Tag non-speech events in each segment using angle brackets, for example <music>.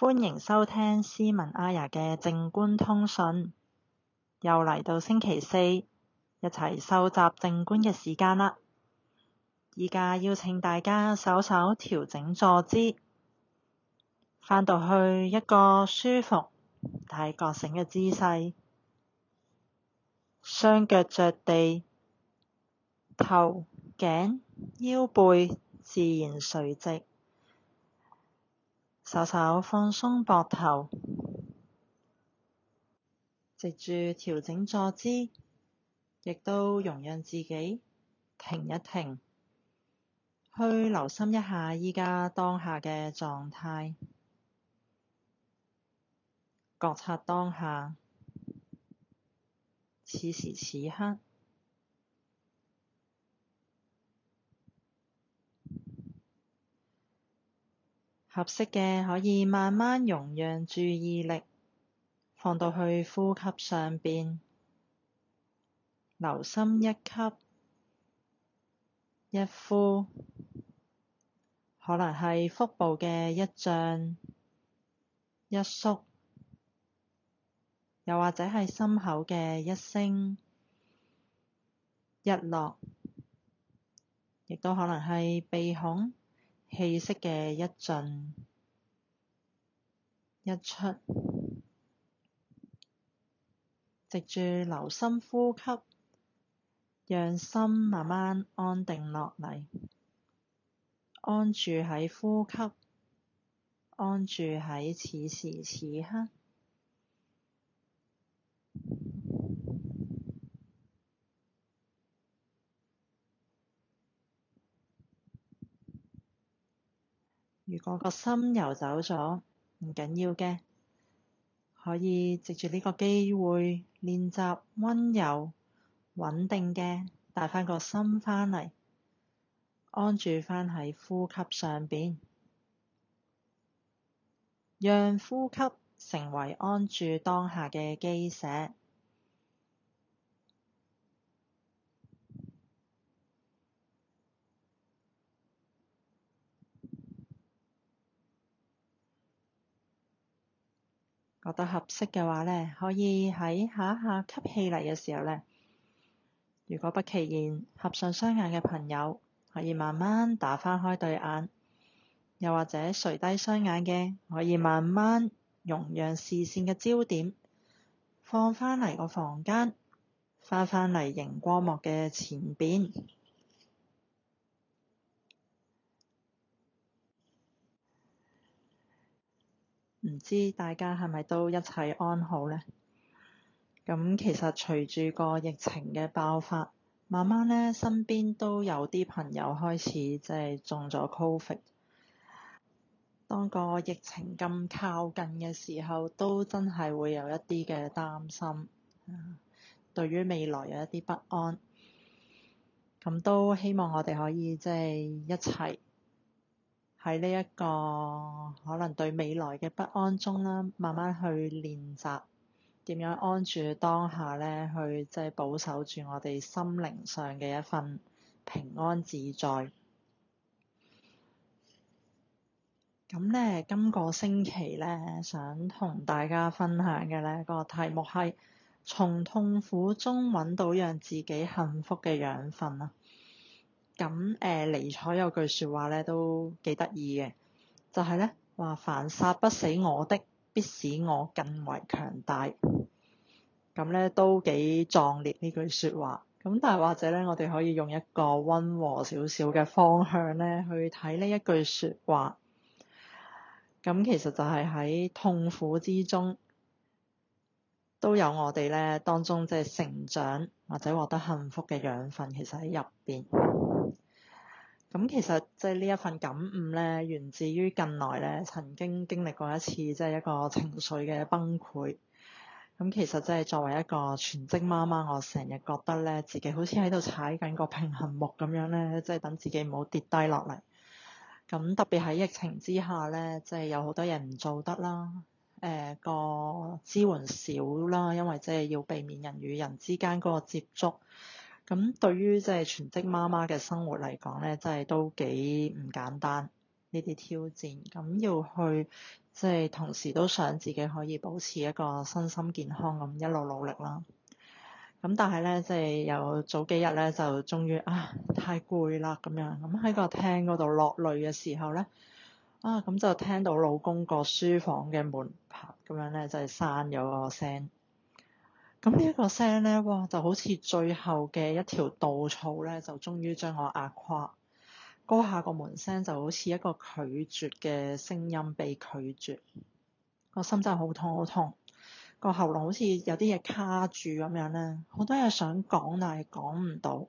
歡迎收聽斯文阿爺嘅靜觀通訊，又嚟到星期四，一齊修習靜觀嘅時間啦。而家邀請大家稍稍調整坐姿，返到去一個舒服但係覺醒嘅姿勢，雙腳着地，頭頸腰背自然垂直。稍稍放鬆膊頭，藉住調整坐姿，亦都容讓自己停一停，去留心一下依家當下嘅狀態，覺察當下，此時此刻。合適嘅可以慢慢容讓注意力放到去呼吸上邊，留心一吸一呼，可能係腹部嘅一脹一縮，又或者係心口嘅一升一落，亦都可能係鼻孔。氣息嘅一進一出，藉住留心呼吸，讓心慢慢安定落嚟，安住喺呼吸，安住喺此時此刻。如果個心游走咗，唔緊要嘅，可以藉住呢個機會練習温柔、穩定嘅，帶翻個心翻嚟，安住翻喺呼吸上邊，讓呼吸成為安住當下嘅基石。覺得合適嘅話呢，可以喺下一下吸氣嚟嘅時候呢，如果不期然合上雙眼嘅朋友，可以慢慢打翻開對眼，又或者垂低雙眼嘅，可以慢慢容讓視線嘅焦點放返嚟個房間，翻返嚟熒光幕嘅前邊。唔知大家係咪都一切安好呢？咁其實隨住個疫情嘅爆發，慢慢咧身邊都有啲朋友開始即係中咗 Covid。當個疫情咁靠近嘅時候，都真係會有一啲嘅擔心，對於未來有一啲不安。咁都希望我哋可以即係一齊。喺呢一個可能對未來嘅不安中啦，慢慢去練習點樣安住當下咧，去即係保守住我哋心靈上嘅一份平安自在。咁咧，今個星期咧，想同大家分享嘅呢個題目係從痛苦中揾到讓自己幸福嘅養分啊！咁誒、呃，尼采有句説話咧，都幾得意嘅，就係咧話凡殺不死我的，必使我更為強大。咁咧都幾壯烈呢句説話。咁但係或者咧，我哋可以用一個溫和少少嘅方向咧，去睇呢一句説話。咁其實就係喺痛苦之中，都有我哋咧，當中即係成長或者獲得幸福嘅養分，其實喺入邊。咁其實即係呢一份感悟咧，源自於近來咧曾經經歷過一次即係、就是、一個情緒嘅崩潰。咁其實即係作為一個全職媽媽，我成日覺得咧自己好似喺度踩緊個平衡木咁樣咧，即係等自己唔好跌低落嚟。咁特別喺疫情之下咧，即、就、係、是、有好多嘢唔做得啦。誒、呃、個支援少啦，因為即係要避免人與人之間嗰個接觸。咁對於即係全職媽媽嘅生活嚟講咧，真係都幾唔簡單呢啲挑戰。咁要去即係同時都想自己可以保持一個身心健康，咁一路努力啦。咁但係咧，即係有早幾日咧，就終於啊太攰啦咁樣。咁喺個廳嗰度落淚嘅時候咧。啊，咁就聽到老公個書房嘅門拍咁樣咧，就係閂咗個聲。咁呢一個聲咧，哇，就好似最後嘅一條稻草咧，就終於將我壓垮。嗰下個門聲就好似一個拒絕嘅聲音，被拒絕。個心真係好痛好痛，個喉嚨好似有啲嘢卡住咁樣咧，好多嘢想講但係講唔到，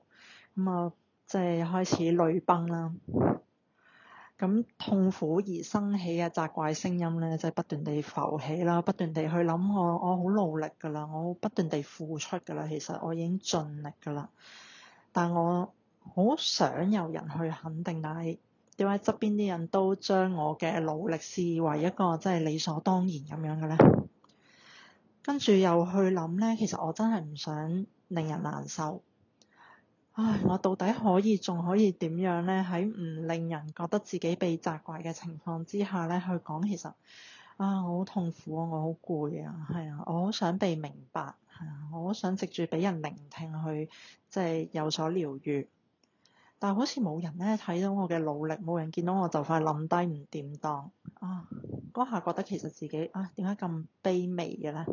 咁啊，即係開始淚崩啦。咁痛苦而生起嘅責怪聲音咧，即係不斷地浮起啦，不斷地去諗我，我好努力噶啦，我不斷地付出噶啦，其實我已經盡力噶啦，但我好想有人去肯定，但係點解側邊啲人都將我嘅努力視為一個即係理所當然咁樣嘅咧？跟住又去諗咧，其實我真係唔想令人難受。唉，我到底可以仲可以點樣咧？喺唔令人覺得自己被責怪嘅情況之下咧，去講，其實啊，我好痛苦，啊，我好攰啊，係啊，我好想被明白，係啊，我好想藉住俾人聆聽去即係有所療愈。但係好似冇人咧睇到我嘅努力，冇人見到我就快冧低唔掂當啊，嗰下覺得其實自己啊，點解咁卑微嘅咧？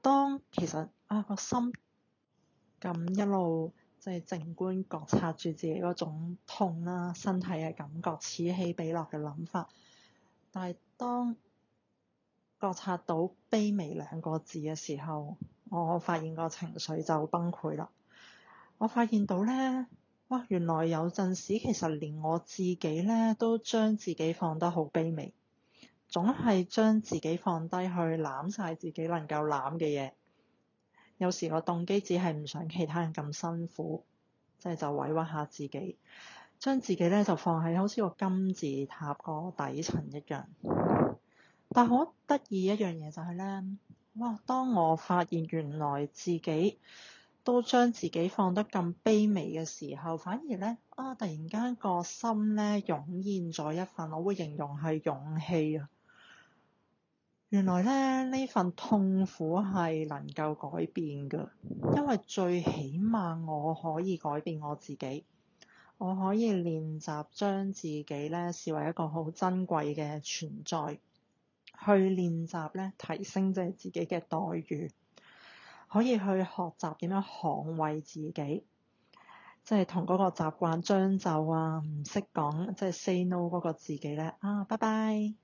當其實啊個心咁一路。即係靜觀覺察住自己嗰種痛啦、啊、身體嘅感覺、此起彼落嘅諗法，但係當覺察到卑微兩個字嘅時候，我發現個情緒就崩潰啦。我發現到咧，哇，原來有陣時其實連我自己咧，都將自己放得好卑微，總係將自己放低去攬晒自己能夠攬嘅嘢。有時個動機只係唔想其他人咁辛苦，即係就委屈下自己，將自己咧就放喺好似個金字塔個底層一樣。但好得意一樣嘢就係咧，哇！當我發現原來自己都將自己放得咁卑微嘅時候，反而咧啊，突然間個心咧湧現咗一份，我會形容係勇氣啊！原來咧，呢份痛苦係能夠改變嘅，因為最起碼我可以改變我自己，我可以練習將自己咧視為一個好珍貴嘅存在，去練習咧提升即係自己嘅待遇，可以去學習點樣捍衞自己，即係同嗰個習慣將就啊，唔識講即係 say no 嗰個自己咧啊，拜拜。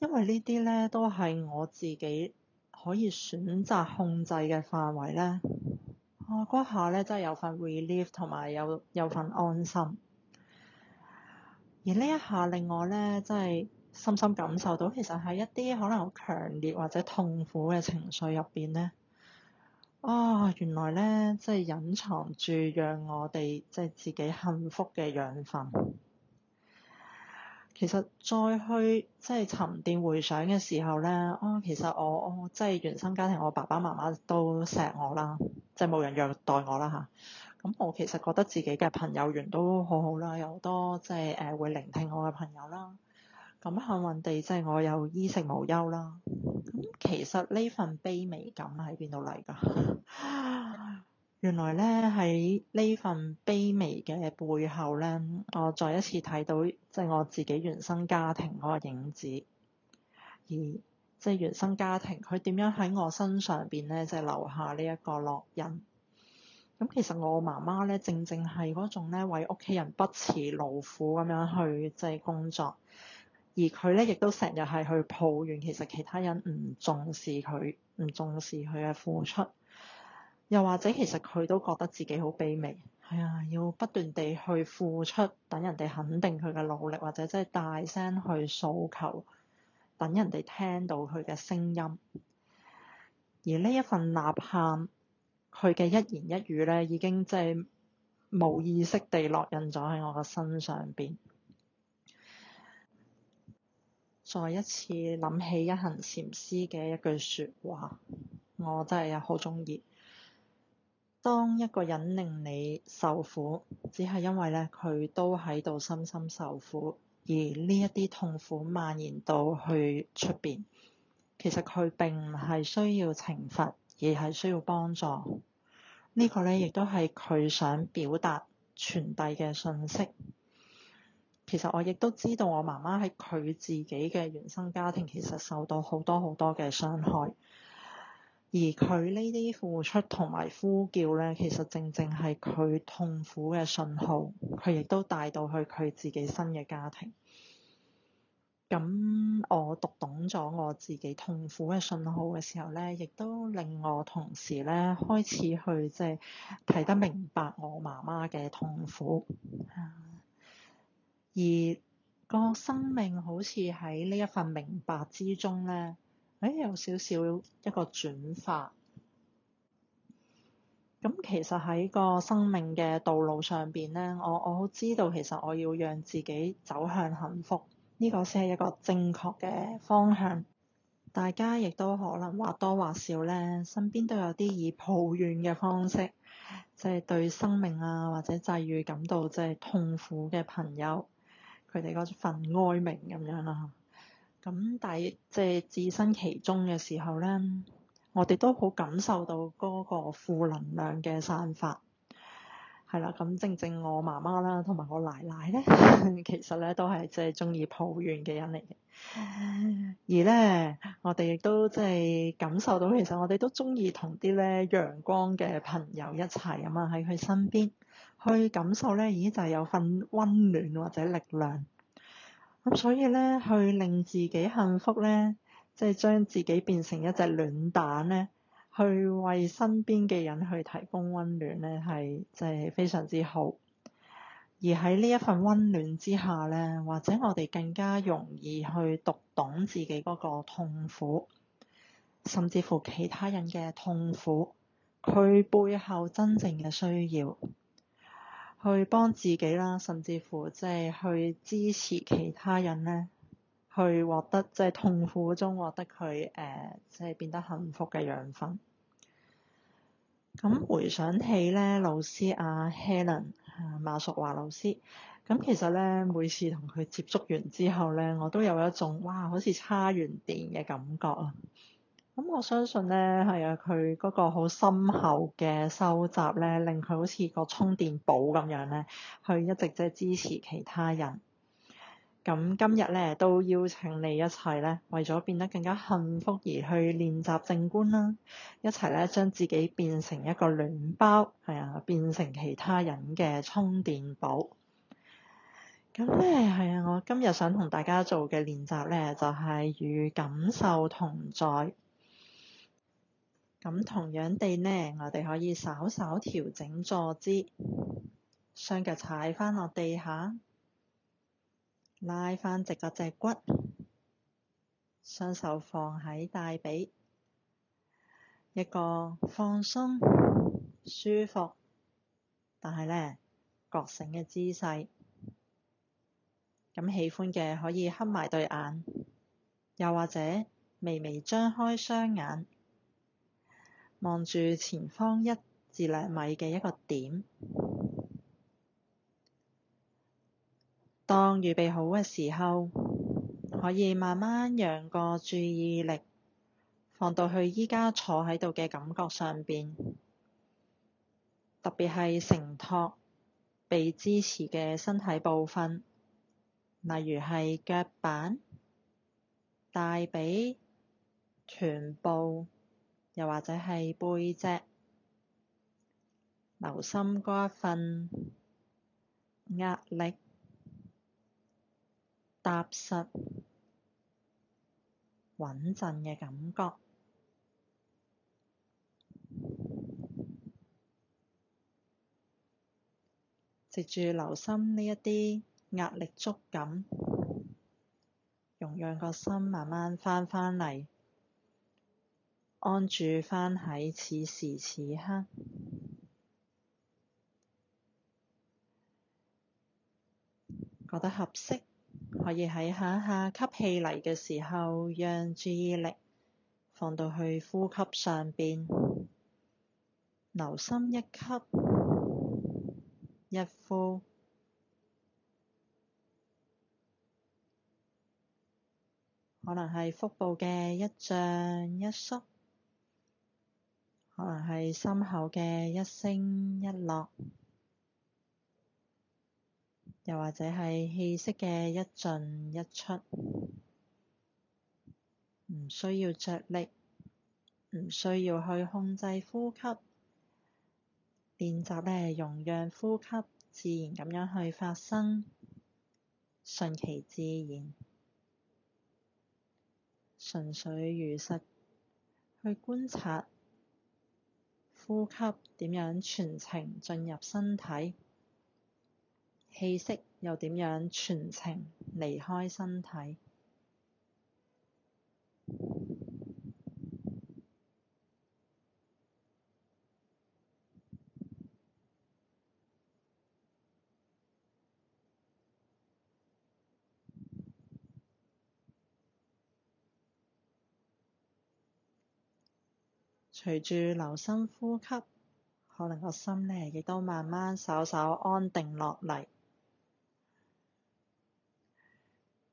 因為呢啲咧都係我自己可以選擇控制嘅範圍咧，啊嗰下咧真係有份 relief 同埋有有份安心，而呢一下令我咧真係深深感受到，其實喺一啲可能好強烈或者痛苦嘅情緒入邊咧，啊原來咧即係隱藏住讓我哋即係自己幸福嘅養分。其實再去即係沉澱回想嘅時候咧，啊、哦，其實我我、哦、即係原生家庭，我爸爸媽媽都錫我啦，即係冇人虐待我啦吓，咁我其實覺得自己嘅朋友緣都好好啦，有好多即係誒、呃、會聆聽我嘅朋友啦。咁幸運地即係我又衣食無憂啦。咁其實呢份卑微感喺邊度嚟㗎？ <laughs> 原來咧，喺呢份卑微嘅背後咧，我再一次睇到即係、就是、我自己原生家庭嗰個影子，而即係、就是、原生家庭佢點樣喺我身上邊咧，即、就、係、是、留下呢一個烙印。咁其實我媽媽咧，正正係嗰種咧，為屋企人不辭勞苦咁樣去即係工作，而佢咧亦都成日係去抱怨，其實其他人唔重視佢，唔重視佢嘅付出。又或者，其實佢都覺得自己好卑微，係、哎、啊，要不斷地去付出，等人哋肯定佢嘅努力，或者真係大聲去訴求，等人哋聽到佢嘅聲音。而呢一份吶喊，佢嘅一言一語咧，已經即係無意識地烙印咗喺我嘅身上邊。再一次諗起一行禪師嘅一句説話，我真係好鍾意。當一個人令你受苦，只係因為咧，佢都喺度深深受苦，而呢一啲痛苦蔓延到去出邊，其實佢並唔係需要懲罰，而係需要幫助。呢個咧，亦都係佢想表達、傳遞嘅信息。其實我亦都知道，我媽媽喺佢自己嘅原生家庭，其實受到好多好多嘅傷害。而佢呢啲付出同埋呼叫咧，其實正正係佢痛苦嘅信號，佢亦都帶到去佢自己新嘅家庭。咁我讀懂咗我自己痛苦嘅信號嘅時候咧，亦都令我同時咧開始去即係睇得明白我媽媽嘅痛苦。而個生命好似喺呢一份明白之中咧，誒有少少一個轉化，咁其實喺個生命嘅道路上邊咧，我我好知道其實我要讓自己走向幸福，呢個先係一個正確嘅方向。大家亦都可能或多或少咧，身邊都有啲以抱怨嘅方式，即係對生命啊或者際遇感到即係痛苦嘅朋友，佢哋嗰份哀鳴咁樣啦。咁但係即係置身其中嘅時候咧，我哋都好感受到嗰個負能量嘅散發，係啦。咁正正我媽媽啦，同埋我奶奶咧，其實咧都係即係中意抱怨嘅人嚟嘅。而咧，我哋亦都即係感受到，其實我哋都中意同啲咧陽光嘅朋友一齊啊嘛，喺佢身邊去感受咧，已經就有份温暖或者力量。咁所以咧，去令自己幸福咧，即係將自己變成一隻暖蛋咧，去為身邊嘅人去提供溫暖咧，係即係非常之好。而喺呢一份溫暖之下咧，或者我哋更加容易去讀懂自己嗰個痛苦，甚至乎其他人嘅痛苦，佢背後真正嘅需要。去幫自己啦，甚至乎即係去支持其他人咧，去獲得即係、就是、痛苦中獲得佢誒，即、呃、係、就是、變得幸福嘅養分。咁回想起咧，老師阿、啊、Helen 馬淑華老師，咁其實咧，每次同佢接觸完之後咧，我都有一種哇，好似叉完電嘅感覺啊！咁我相信咧，係啊，佢嗰個好深厚嘅收集咧，令佢好似個充電寶咁樣咧，去一直即支持其他人。咁今日咧都邀請你一齊咧，為咗變得更加幸福而去練習正觀啦，一齊咧將自己變成一個暖包，係啊，變成其他人嘅充電寶。咁咧係啊，我今日想同大家做嘅練習咧，就係與感受同在。咁同樣地呢，我哋可以稍稍調整坐姿，雙腳踩翻落地下，拉翻直個脊骨，雙手放喺大髀，一個放鬆舒服但係呢，覺醒嘅姿勢。咁喜歡嘅可以黑埋對眼，又或者微微張開雙眼。望住前方一至兩米嘅一個點。當預備好嘅時候，可以慢慢讓個注意力放到去依家坐喺度嘅感覺上邊，特別係承托被支持嘅身體部分，例如係腳板、大髀、臀部。又或者係背脊，留心嗰一份壓力，踏實穩陣嘅感覺，藉住留心呢一啲壓力觸感，容讓個心慢慢翻返嚟。安住返喺此時此刻，覺得合適，可以喺下一下吸氣嚟嘅時候，讓注意力放到去呼吸上邊，留心一吸一呼，可能係腹部嘅一脹一縮。可能係心口嘅一升一落，又或者係氣息嘅一進一出，唔需要着力，唔需要去控制呼吸，練習呢，容讓呼吸自然咁樣去發生，順其自然，純粹如實去觀察。呼吸點樣全程進入身體，氣息又點樣全程離開身體？隨住留心呼吸，可能個心呢亦都慢慢稍稍安定落嚟。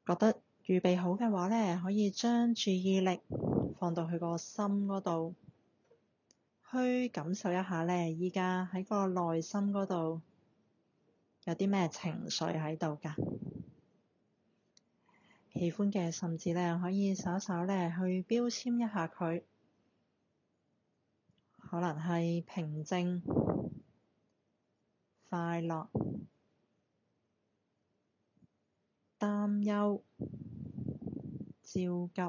覺得預備好嘅話呢，可以將注意力放到去個心嗰度，去感受一下呢。依家喺個內心嗰度有啲咩情緒喺度㗎？喜歡嘅，甚至呢，可以稍稍呢去標籤一下佢。可能係平靜、快樂、擔憂、焦急，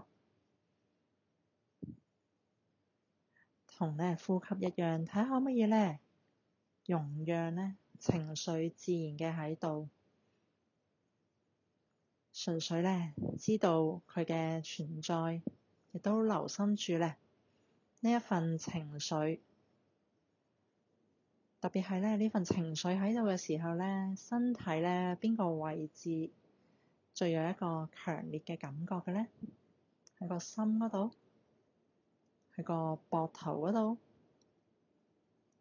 同呢呼吸一樣，睇下可唔可以呢，容讓呢情緒自然嘅喺度，純粹呢，知道佢嘅存在，亦都留心住呢。呢一份情緒，特別係咧呢份情緒喺度嘅時候咧，身體咧邊個位置最有一個強烈嘅感覺嘅咧？喺個心嗰度，喺個膊頭嗰度，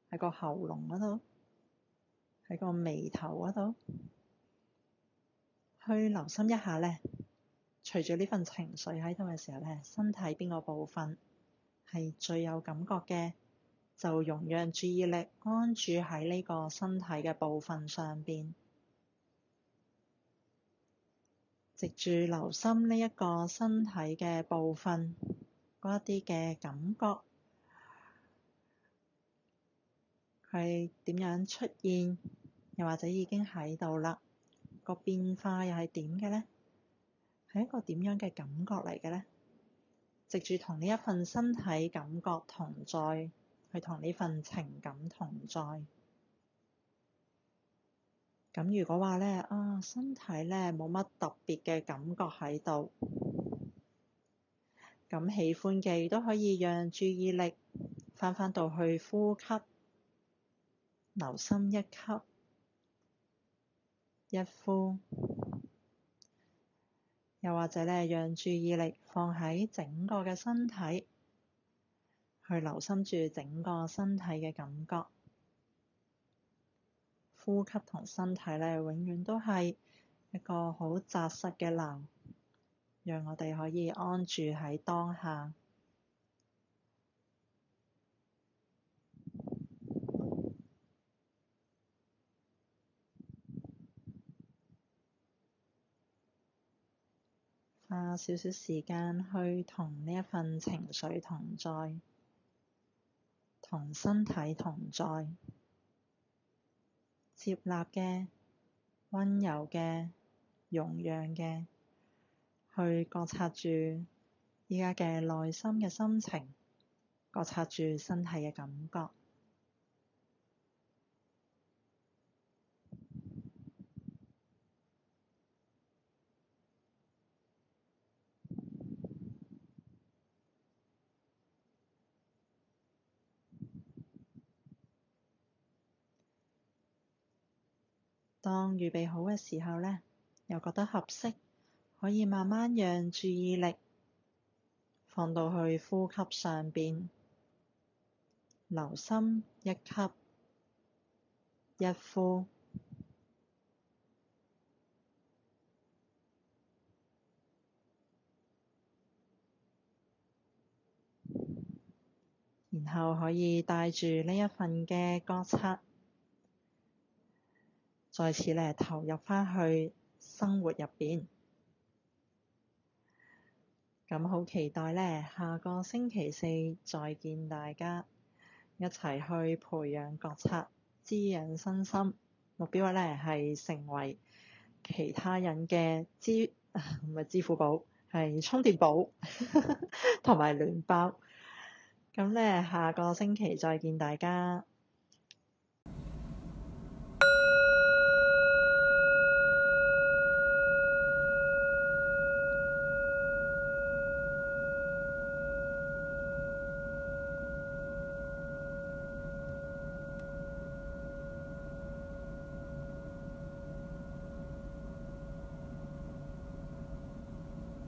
喺個喉嚨嗰度，喺個眉頭嗰度，去留心一下咧。隨住呢份情緒喺度嘅時候咧，身體邊個部分？係最有感覺嘅，就容讓注意力安住喺呢個身體嘅部分上邊，藉住留心呢一個身體嘅部分嗰一啲嘅感覺，係點樣出現？又或者已經喺度啦，個變化又係點嘅呢？係一個點樣嘅感覺嚟嘅呢？藉住同呢一份身體感覺同在，去同呢份情感同在。咁如果話呢，啊身體呢冇乜特別嘅感覺喺度，咁喜歡嘅亦都可以讓注意力翻返到去呼吸，留心一吸一呼。又或者呢，讓注意力放喺整個嘅身體，去留心住整個身體嘅感覺、呼吸同身體呢，永遠都係一個好紮實嘅樓，讓我哋可以安住喺當下。有少少時間去同呢一份情緒同在，同身體同在，接納嘅、溫柔嘅、容讓嘅，去覺察住而家嘅內心嘅心情，覺察住身體嘅感覺。當預備好嘅時候呢，又覺得合適，可以慢慢讓注意力放到去呼吸上面，留心一吸一呼，然後可以帶住呢一份嘅覺察。再次呢投入翻去生活入邊，咁好期待呢。下個星期四再見大家，一齊去培養覺察，滋養身心。目標呢係成為其他人嘅支，唔係支付寶，係充電寶同埋暖包。咁呢，下個星期再見大家。